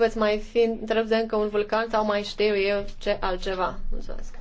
veți mai fi întrerupt de încă un vulcan sau mai știu eu ce altceva. Mulțumesc.